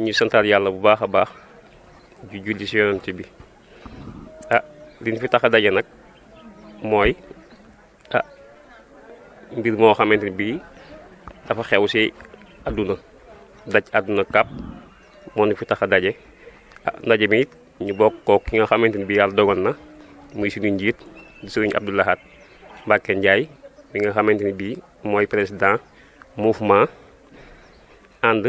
ñu santaat yàlla bu baax a baax ju julli si yonante bi ah liñ fi tax a daje nag mooy ah mbir moo xamante ne bii dafa xew si adduna daj àdduna kàpp moo ñu fi tax a daje ah ndaje mi it ñu bokk ko ki nga xamante ni bii yàlla dogal na muy suñu njiit di sëriñ Abdou Lahad Mbacké bi nga xamante bii mooy président mouvement ànd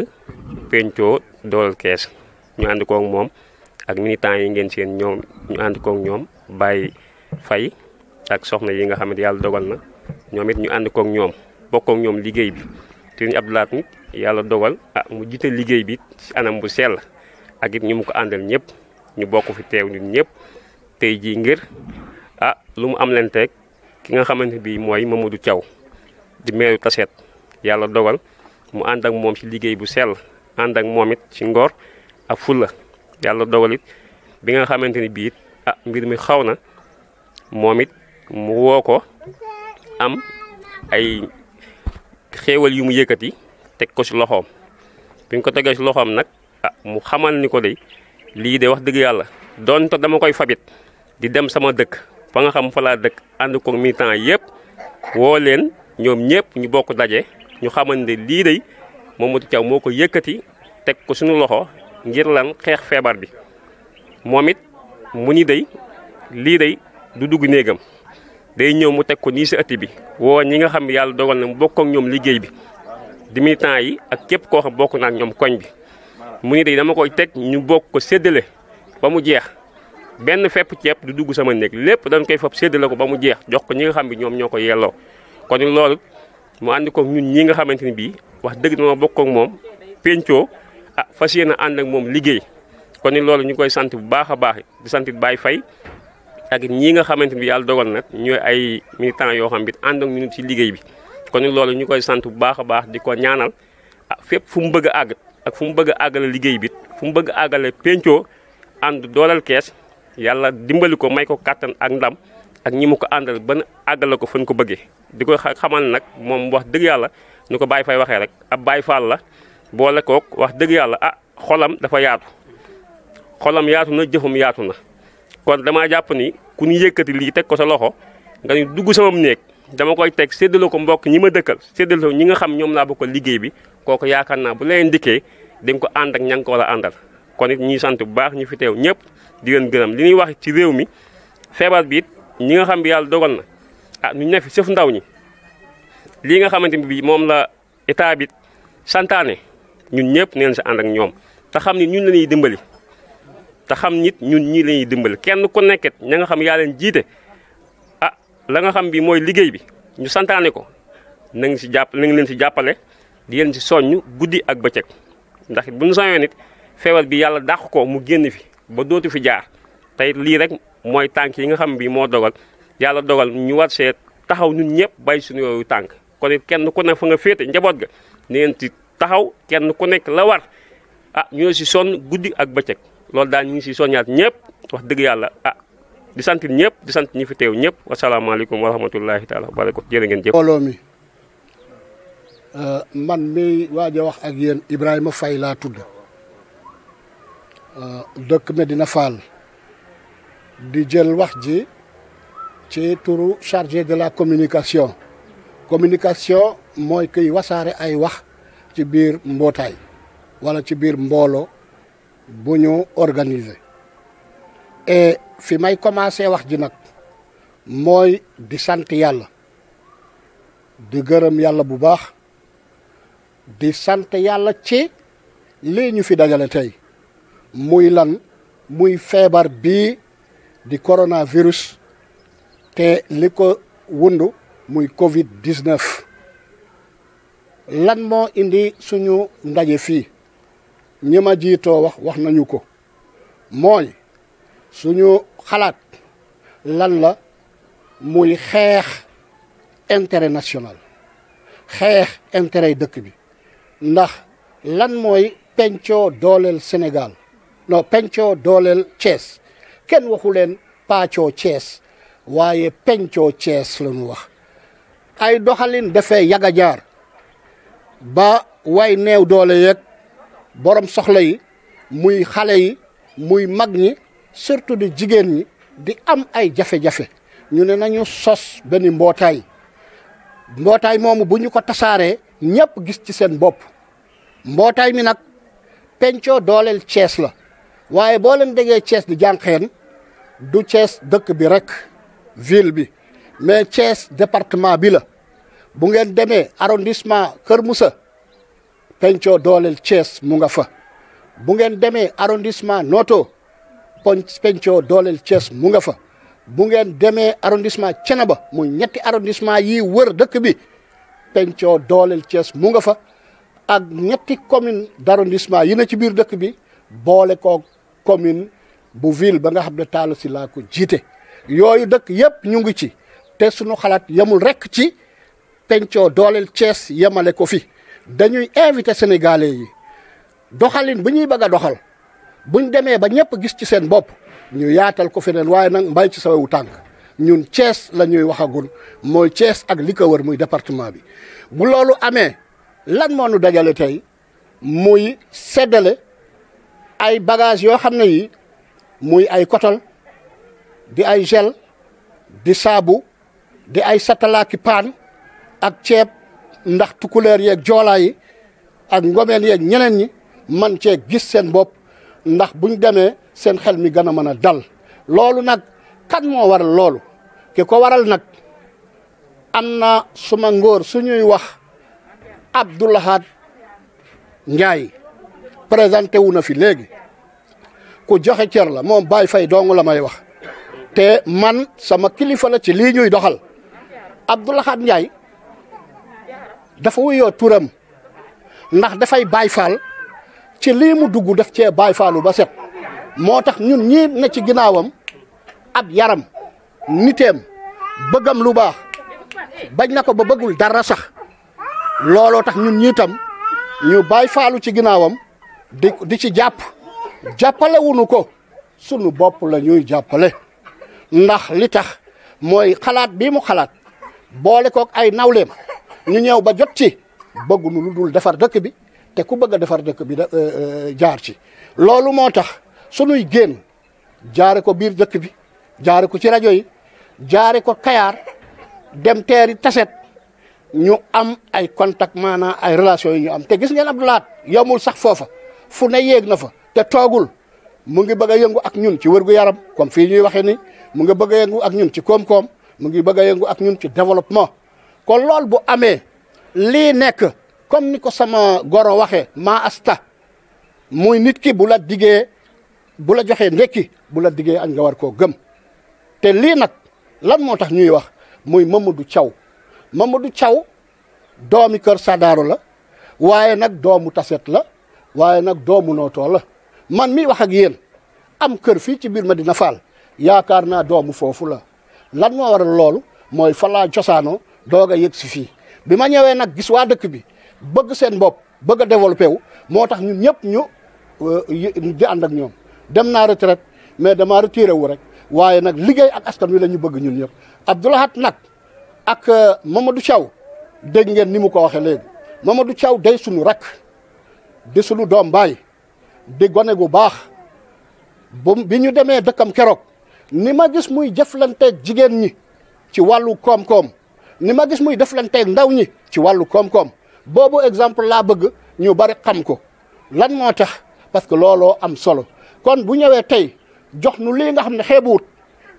pencoo doolal kees ñu ànd kook moom ak militants yi ngeen seen ñoom ñu ànd koog ñoom bàyyi fay ak soxna yi nga xam yàlla dogal na ñoom it ñu ànd koog ñoom bokkoog ñoom liggéey bi sëriñ Abdou yàlla dogal ah, mu jiite liggéey bi ci anam bu sell ak it ñu mu ko àndal ñëpp ñu bokk fi teew nit ñëpp tey jii ngir a ah, lu mu am leen teg ki nga xamante bii mooy Mamadou caw di meeru Tassette yàlla dogal mu ànd ak moom ci liggéey bu sell ànd ak moom it ci ngoor ak fulla yàlla dogal bi nga xamante ni bii ah mbir mi xaw na moom it mu woo ko am ay xéewal yu mu yëkkati teg ko si loxoom bi ñu ko tegee ci loxoom nag ah mu xamal ni ko de lii de wax dëgg yàlla donte dama koy fabit di dem sama dëkk fa nga xam fa laa dëkk ànd ko militant yëpp woo leen ñoom ñëpp ñu bokk daje. ñu xamante ne lii moom Mamadou Thiaw moo ko yëkkati teg ko suñu loxo ngir lan xeex feebar bi moom it mu ni day lii day du dugg néegam day ñëw mu teg ko nii si ëtt bi woo ñi nga xam yàlla dogal na mu bokk ak ñoom liggéey bi di yi ak képp koo xam bokk na ak ñoom koñ bi mu ni day dama koy teg ñu bokk ko séddale ba mu jeex benn fepp ceeb du dugg sama néeg lépp dañ koy fab séddale ko ba mu jeex jox ko ñi nga xam bi ñoom ñoo ko yelloo kon loolu mu ànd kook ñun ñi nga xamante ni bii wax dëgg dama bokk ak moom pencoo ah fas yéene ànd ak moom liggéey kon ni loolu ñu koy sant bu baax a baax di sant Baye Faye ak ñi nga xamante ni yàlla dogal nag ñooy ay militants yoo xam bi ànd ak ñun ci liggéey bi. kon ni loolu ñu koy sant bu baax a baax di ko ñaanal ah, fépp fu mu bëgg a àgg ak fu mu bëgg a àggale liggéey bi fu mu bëgg a àggale pencoo ànd doolal kees yàlla dimbali ko may ko kattan ak ndam. ak ñi mu ko àndal ban àggal la ko fan ko bëggee di ko xamal nag moom wax dëgg yàlla nu ko Baye Faye waxee rek ab baay Fall la boole kook wax dëgg yàlla ah xolam dafa yaatu xolam yaatu na jëfam yaatu na kon damaa jàpp ni ku ñu yëkkati lii teg ko sa loxo nga ñu dugg sama néeg dama koy teg séddale ko mbokk ñi ma dëkkal séddale ko ñi nga xam ñoom laa ko liggéey bi kooku yaakaar naa bu leen dikkee di ko ànd ak ña nga ko war a àndal kon it ñuy sant bu baax ñu fi teew ñëpp di leen gërëm li wax ci réew ñi nga xam bi yàlla dogal na ah ñu ne fi sëf ndaw ñi lii nga xamante ni bii moom la état bi santaane ñun ñëpp neen si ànd ak ñoom te xam ni ñun la ñuy dimbali te xam nit ñun ñii la ñuy dimbali kenn ku nekket ña nga xam yaa leen jiite ah la nga xam bi mooy liggéey bi ñu santaane ko na nga si jàpp na leen si jàppale di leen si soññ guddi ak bëccëg ndax bu ñu soññoon nit feebar bi yàlla dàq ko mu génn fi ba dootu fi jaar tey lii rek mooy tànk yi nga xam bi moo dogal yàlla dogal ñu war seet taxaw ñun ñëpp bay suñu yooyu tànk kon kenn ku ne fa nga féete njaboot ga neen ci taxaw kenn ku nekk la war ah ñoo si sonn guddi ak bëccëg loolu daal ñu ngi si soññaat ñëpp wax dëgg yàlla ah di sant ñëpp di sant ñu fi teew ñëpp wasalaamaaleykum wa rahmatullahi taala wa barakatu jërë ngeen jëf mbooloo mi euh, man mi waaj wax ak yéen Ibrahima fay laa tudd euh, dëkk Medina Fall di jël wax ji ci turu chargé de la communication communication mooy kuy wasaare ay wax ci biir mbootaay wala ci biir mbooloo bu ñu organiser et fi may commencé wax ji nag mooy di sant yàlla di gërëm yàlla bu baax di sant yàlla ci lii ñu fi dajale tey muy lan muy feebar bii di coronavirus te li ko wundu muy Covid 19. lan moo indi suñu ndaje fii ñi ma jiitoo wax wax nañu ko mooy suñu xalaat lan la muy xeex intérêt national xeex intérêt dëkk bi ndax lan mooy pencoo dooleel Sénégal non pencoo dooleel Thiès kenn waxu leen paacoo Cees waaye pencoo Cees la ñu wax ay doxalin dafee yàgg a jaar ba way neew doole yeeg borom soxla yi muy xale yi muy mag ñi surtout di jigéen ñi di am ay jafe-jafe ñu ne nañu sos benn mbootaay mbootaay moomu buñu ko tasaaree ñëpp gis ci seen bopp mbootaay mi nag pencoo dooleel Cees la waaye boo leen déggee Cees di jànqeen du Thiès dëkk bi rek ville bi mais Thiès département bi la bu ngeen demee arrondissement Kër Moussa pencoo dooleel Thiès mu nga fa bu ngeen demee arrondissement Noto pencoo dooleel Thiès mu nga fa bu ngeen demee arrondissement ba mu ñetti arrondissement yi wër dëkk bi pencoo dooleel Thiès mu nga fa ak ñetti commune d' arrondissement yi na ci biir dëkk bi boole ko commune bu ville ba nga xam ne Talla Sylla ko jiite yooyu dëkk yëpp ñu ngi ci te suñu xalaat yamul rekk ci pencoo dooleel Thiès yemale ko fi dañuy invité sénégalais yi doxalin bu ñuy bëgg a doxal buñ demee ba ñëpp gis ci seen bopp ñu yaatal ko feneen waaye nag mbay ci sawewu tànk ñun cees la ñuy waxagul mooy Thiès ak li ko wër muy département bi bu loolu amee lan moo nu dajale tey muy seddale ay bagages yoo xam ne yi muy ay kotol di ay gel di saabu di ay satalaaki paan ak ceeb ndax tukuleer yeeg joolaa yi ak ngomeen yeeg ñeneen ñi man cee gis seen bopp ndax buñ demee seen xel mi gën a mën a dal loolu nag kan moo waral loolu ki ko waral nag am na suma ngóor suñuy wax Abdoulahat Ndiaye présenté wu na fi léegi ku joxe cër la moom Baye fay dong la may wax te man sama kilifa la ci lii doxal Abdou Lahad Ndiaye dafa wuyoo turam ndax dafay Baye Fall ci lii mu dugg def cee Baye Fallu ba set moo tax ñun ñii ne ci ginnaawam ab yaram niteem bëggam lu baax bañ na ko ba bëggul dara sax looloo tax ñun ñii ñu Baye Fallu ci ginnaawam di ci jàpp. jàppale wuñu ko sunu bopp la ñuy jàppale ndax li tax mooy xalaat bii mu xalaat boole kook ay nawleem ñu ñëw ba jot ci bëgguñu lu dul defar dëkk bi te ku bëgg a defar dëkk bi da euh, euh, jaar ci. loolu moo tax sunuy génn jaare ko biir dëkk bi jaare ko ci rajo yi jaare ko Kayaar dem teeri taset ñu am ay contact maanaam ay relations yi ñu am te gis ngeen Abdou Lahad yamul sax foofa. fu ne yéeg na fa te toogul mu ngi bëgg a yëngu ak ñun ci wërgu yaram comme fii ñuy waxee ni mu ngi bëgg yëngu ak ñun ci koom-koom mu ngi bëgg a yëngu ak ñun ci développement kon loolu bu amee lii nekk comme ni ko sama goro waxee maa asta muy nit ki bu la diggee bu la joxee ndekki bu la diggee añ nga war koo gëm te lii nag lan moo tax ñuy wax muy Mamadou Thiaw du caw doomi Kër Sadaro la waaye nag doomu Tassette la waaye nag doomu nootoo la man mi wax ak yéen am kër fii ci biir di nafaal yaakaar naa doomu foofu la lan moo waral loolu mooy fa laa cosaanoo doog a yëg si fii bi ma ñëwee nag gis waa dëkk bi bëgg seen bopp bëgg a développé wu moo tax ñun ñëpp ñu euh, di ànd ak ñoom dem naa retraite mais dama retiré wu rek waaye nag liggéey ak askan wi la ñu bëgg ñun ñëpp Abdoulahat nag ak euh, Mamadou Thiaw dégg ngeen ni mu ko waxee léegi du Thiaw day suñu rek di sunu doom baay di gone gu baax bu bi ñu demee dëkkam keroog ni ma gis muy jëflanteeg jigéen ñi ci wàllu koom-koom ni ma gis muy lenteeg ndaw ñi ci wàllu koom-koom boobu exemple laa bëgg ñu bari xam ko lan moo tax parce que looloo am solo kon bu ñëwee tey jox nu lii nga xam ne xeebuwut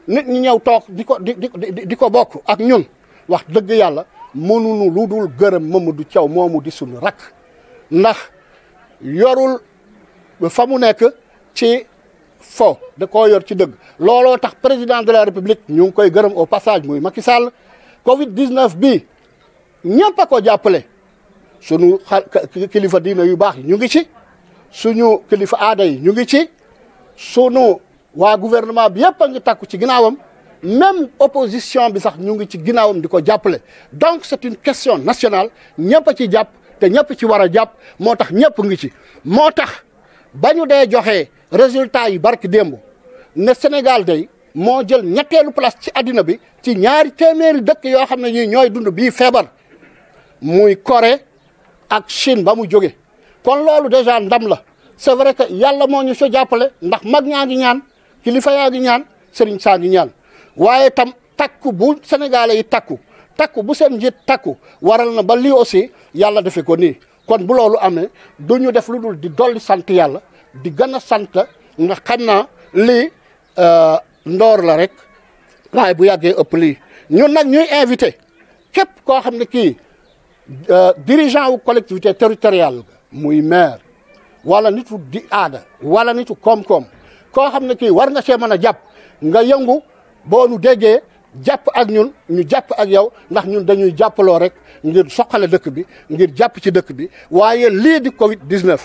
nit ñi ñëw toog di ko di ko bokk ak ñun wax dëgg yàlla mënuñu lu dul gërëm du Thiaw moomu di sunu rakk ndax yorul fa mu nekk ci fo de ko yor ci dëgg looloo tax président de la république ñu ngi koy gërëm au passage muy Macky Sall Covid 19 bi ñëpp a ko jàppale sunu kilifa diina yu baax yi ñu ngi ci suñu kilifa aada yi ñu ngi ci sunu waa gouvernement bi yëpp a ngi takku ci ginnaawam même opposition bi sax ñu ngi ci ginnaawam di ko jàppale donc c'est une question national ñëpp a ci jàpp. te ñëpp ci war a jàpp moo tax ñëpp ngi ci moo tax ba ñu dee joxe résultat yi barki démb ne Sénégal day moo jël ñetteelu place ci àddina bi ci ñaari téeméeri dëkk yoo xam ne ñii ñooy dund bii feebar muy Corée ak Chine ba mu jóge kon loolu déjà ndam la c'est vrai que yàlla moo ñu so jàppale ndax mag ñaa ngi ñaan kilifa yaa ngi ñaan sëriñ saa ñaan waaye tam takku bu sénégalais yi takku takku bu seen njiit takku waral na ba lii aussi yàlla defe ko nii kon bu loolu amee du ñu def lu dul di dolli sant yàlla di gën a sant nga xam naa lii euh, ndoor la rek waaye bu yàggee ëpp lii ñun nag ñuy invité képp koo xam ne kii euh, dirigeant wu collectivité territorial muy maire wala nitu di aada wala nitu koom-koom koo xam ne kii war nga see mën a jàpp nga yëngu boo nu déggee jàpp ak ñun ñu jàpp ak yow ndax ñun dañuy jàppaloo rek ngir soqale dëkk bi ngir jàpp ci dëkk bi waaye lii di Covid 19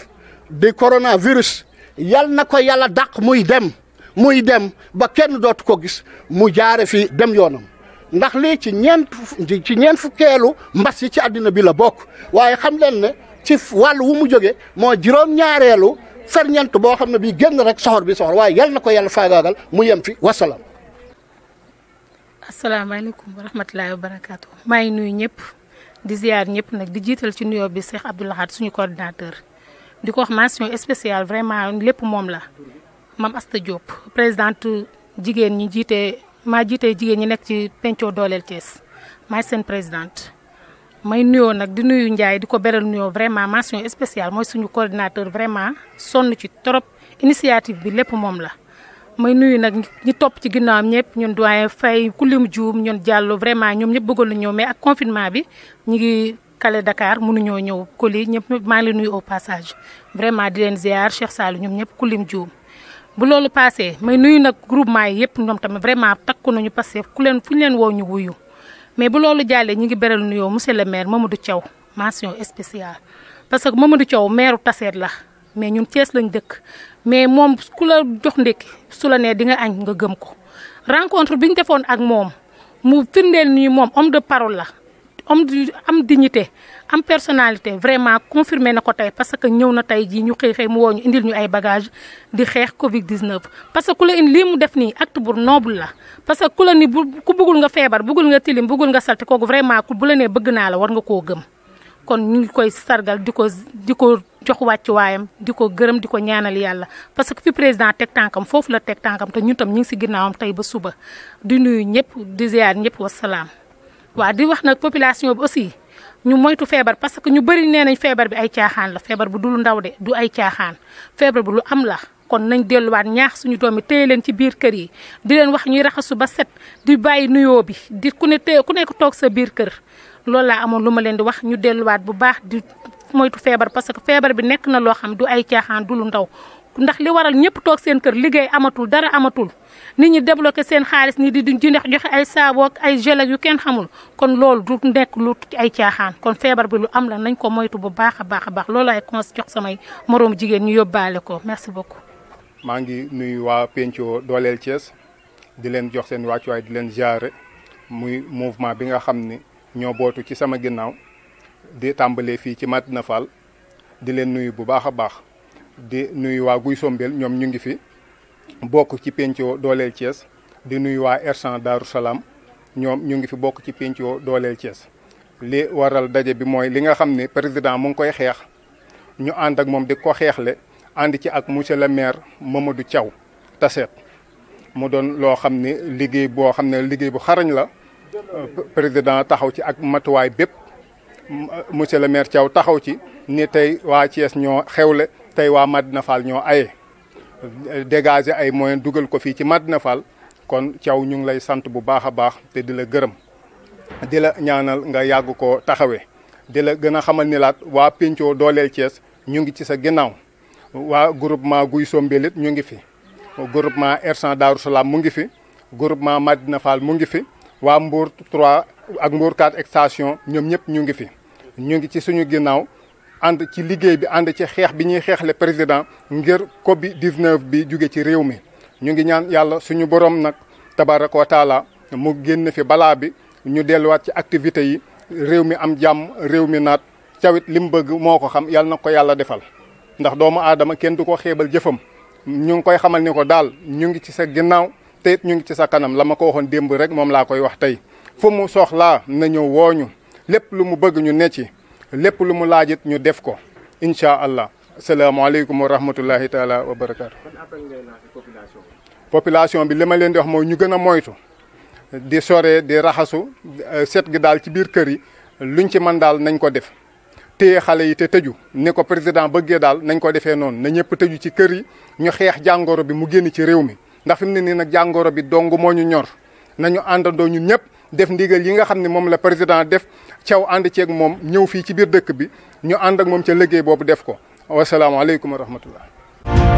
di coronavirus yal na ko yàlla dàq muy dem muy dem ba kenn dootu ko gis mu jaare fi dem yoonam ndax lii ci ñeent ci ñeent fukkeelu mbas yi ci àddina bi la bokk waaye xam leen ne ci wàll wu mu jóge moo juróom-ñaareelu ferñeent boo xam ne bii génn rek soxor bi soxor waaye yal na ko yàlla faagaagal mu yem fi wasalaam. asalaamaaleykum wa rahmatulahi wa barakaatu maa ngi nuyu ñëpp di ziar ñëpp nag di jiital ci nuyoo bi Cheikh Abdou Lahad suñu coordinateur di ko wax mention spéciale vraiment lépp moom la mam Asta Diop présidente jigéen ñi jiite maa jiite jigéen ñi nekk ci pencoo dooleel Thiès maay seen présidente may nuyoo nag di nuyu Ndiaye di ko beral nuyoo vraiment mention spéciale mooy suñu coordinateur vraiment sonn ci trop initiative bi lépp moom la may nuyu nag ñi topp ci ginnaawam ñëpp ñun doyen Faye kulim Dioum ñun Diallo vraiment ñoom ñëpp bëggoon na ñëw mais ak confinement bi ñu ngi kale Dakar mënuñoo ñëw Koli ñëpp maa ngi leen nuyu passage vraiment di leen ziar Cheikh Sall ñoom ñëpp kulim Dioum. bu loolu passé may nuyu nag groupement yi yëpp ñoom tamit vraiment takku nañu parce que ku leen fu ñu leen woo ñu wuyu mais bu loolu jàllee ñu ngi beral nuyoo monsieur le maire du Thiaw mention spéciale parce que Mamadou Thiaw maire Tasset la. mais ñun cees lañ dëkk mais moom ku la jox ndékki su la nee di nga añ nga gëm ko rencontre bi ñu defoon ak moom mu firndeel nii moom homme de parole la homme am dignité am personnalité vraiment confirmé na ko tey parce que ñëw na tey jii ñu xëy xëy mu woo ñu indil ñu ay bagage di xeex Covid 19. parce que ku la indi lii mu def ni acte bu noble la parce que ku la ni bu ku bëggul nga feebar bëggul nga tilim bëggul nga salte kooku vraiment ku bu la nee bëgg naa war nga koo gëm kon ñu ngi koy sargal di ko di jox wàccuwaayam di ko gërëm di ko ñaanal yàlla parce que fi président teg tànkam foofu la teg tànkam te ñun tam ñu si ginnaawam tey ba suba di nuyu ñëpp di ziar ñëpp wasalaam. waaw di wax nag population bi aussi ñu moytu feebar parce que ñu bëri nee nañ feebar bi ay caaxaan la feebar bu dul ndaw de du ay caaxaan feebar bu lu am la. kon nañ delluwaat ñaax suñu doom yi téye leen ci biir kër yi di leen wax ñuy raxasu ba set di bàyyi nuyoo bi di ku ne téye ku nekk toog sa biir kër loolu bu baax moytu feebar parce que feebar bi nekk na loo xam du ay caaxaan du lu ndaw ndax li waral ñëpp toog seen kër liggéey amatul dara amatul nit ñi débloqué seen xaalis ni di di joxe ay saabu ay gel yu kenn xamul kon loolu du nekk lu ay caaxaan kon feebar bi lu am la nañ ko moytu bu baax a baax a baax loolu ay cons jox samay moroom jigéen ñu yóbbaale ko merci beaucoup. maa ngi nuyu waa Pencoo dooleel Thiès di leen jox seen wàccuwaay di leen jaare muy mouvement bi nga xam ni ñoo bootu ci sama ginnaaw. di tàmbalee fii ci Madina Fall di leen nuyu bu baax a baax di nuyu waa Guy Sombel ñoom ñu ngi fi bokk ci pencoo dooleel Thiès di nuyu waa Ersan Daaru Salaam ñoom ñu ngi fi bokk ci pencoo dooleel Thiès li waral daje bi mooy li nga xam ne président mu ngi koy xeex ñu ànd ak moom di ko xeexle ànd ci ak monsieur le maire du caw Tassette mu doon loo xam ne liggéey boo xam ne liggéey bu xarañ la président taxaw ci ak matuwaay bépp monsieur le maire Thiaw taxaw ci ni tey waa Thiès ñoo xewle tey waa Madina Fall ñoo aye dégager ay moyens dugal ko fii ci Madina Fall kon Thiaw ñu ngi lay sant bu baax a baax te di la gërëm di la ñaanal nga yàgg koo taxawe di la gën a xamal ni laat waa Pencoo dooleel Thiès ñu ngi ci sa ginnaaw waa groupement Guy Sombelit ñu ngi fi groupement Ersan Daaru mu ngi fi groupement Madina Fall mu ngi fi waa Mbour 3 ak Mbour kaat extension ñoom ñëpp ñu ngi fi ñu ngi ci suñu ginnaaw ànd ci liggéey bi ànd ci xeex bi ñuy xeexle président ngir Covid 19 bi jóge ci réew mi ñu ngi ñaan yàlla suñu borom nag tabaraka wa taala mu génn fi balaa bi ñu delluwaat ci activités yi réew mi am jàmm réew mi naat cawit li mu bëgg moo ko xam yàlla na ko yàlla defal ndax doomu aadama kenn du ko xeebal jëfam ñu ngi koy xamal ni ko daal ñu ngi ci sa ginnaaw te ñu ngi ci sa kanam la ma ko waxoon démb rek moom laa koy wax tey fu mu soxlaa na ñëw wooñu lépp lu mu bëgg ñu ne ci lépp lu mu laajit ñu def ko incha allah salaamaaleykum wa rahmatullahi taala wa barakaatu. population bi li ma leen di wax mooy ñu gën a moytu di sore di raxasu euh, set gi daal ci biir kër yi luñ ci man daal nañ ko def te xale yi te tëju ni ko président bëggee daal nañ ko defee noonu na ñëpp tëju ci kër yi ñu xeex jàngoro bi mu génn ci réew mi ndax fi mu ne nii nag jàngoro bi dong moo ñu ñor. nañu àndandoo ñun ñëpp def ndigal yi nga xam ne moom la président def caw ànd ceeg moom ñëw fii ci biir dëkk bi ñu ànd ak moom ca liggéey boobu def ko wasalaamaaleykum wa rahmatullah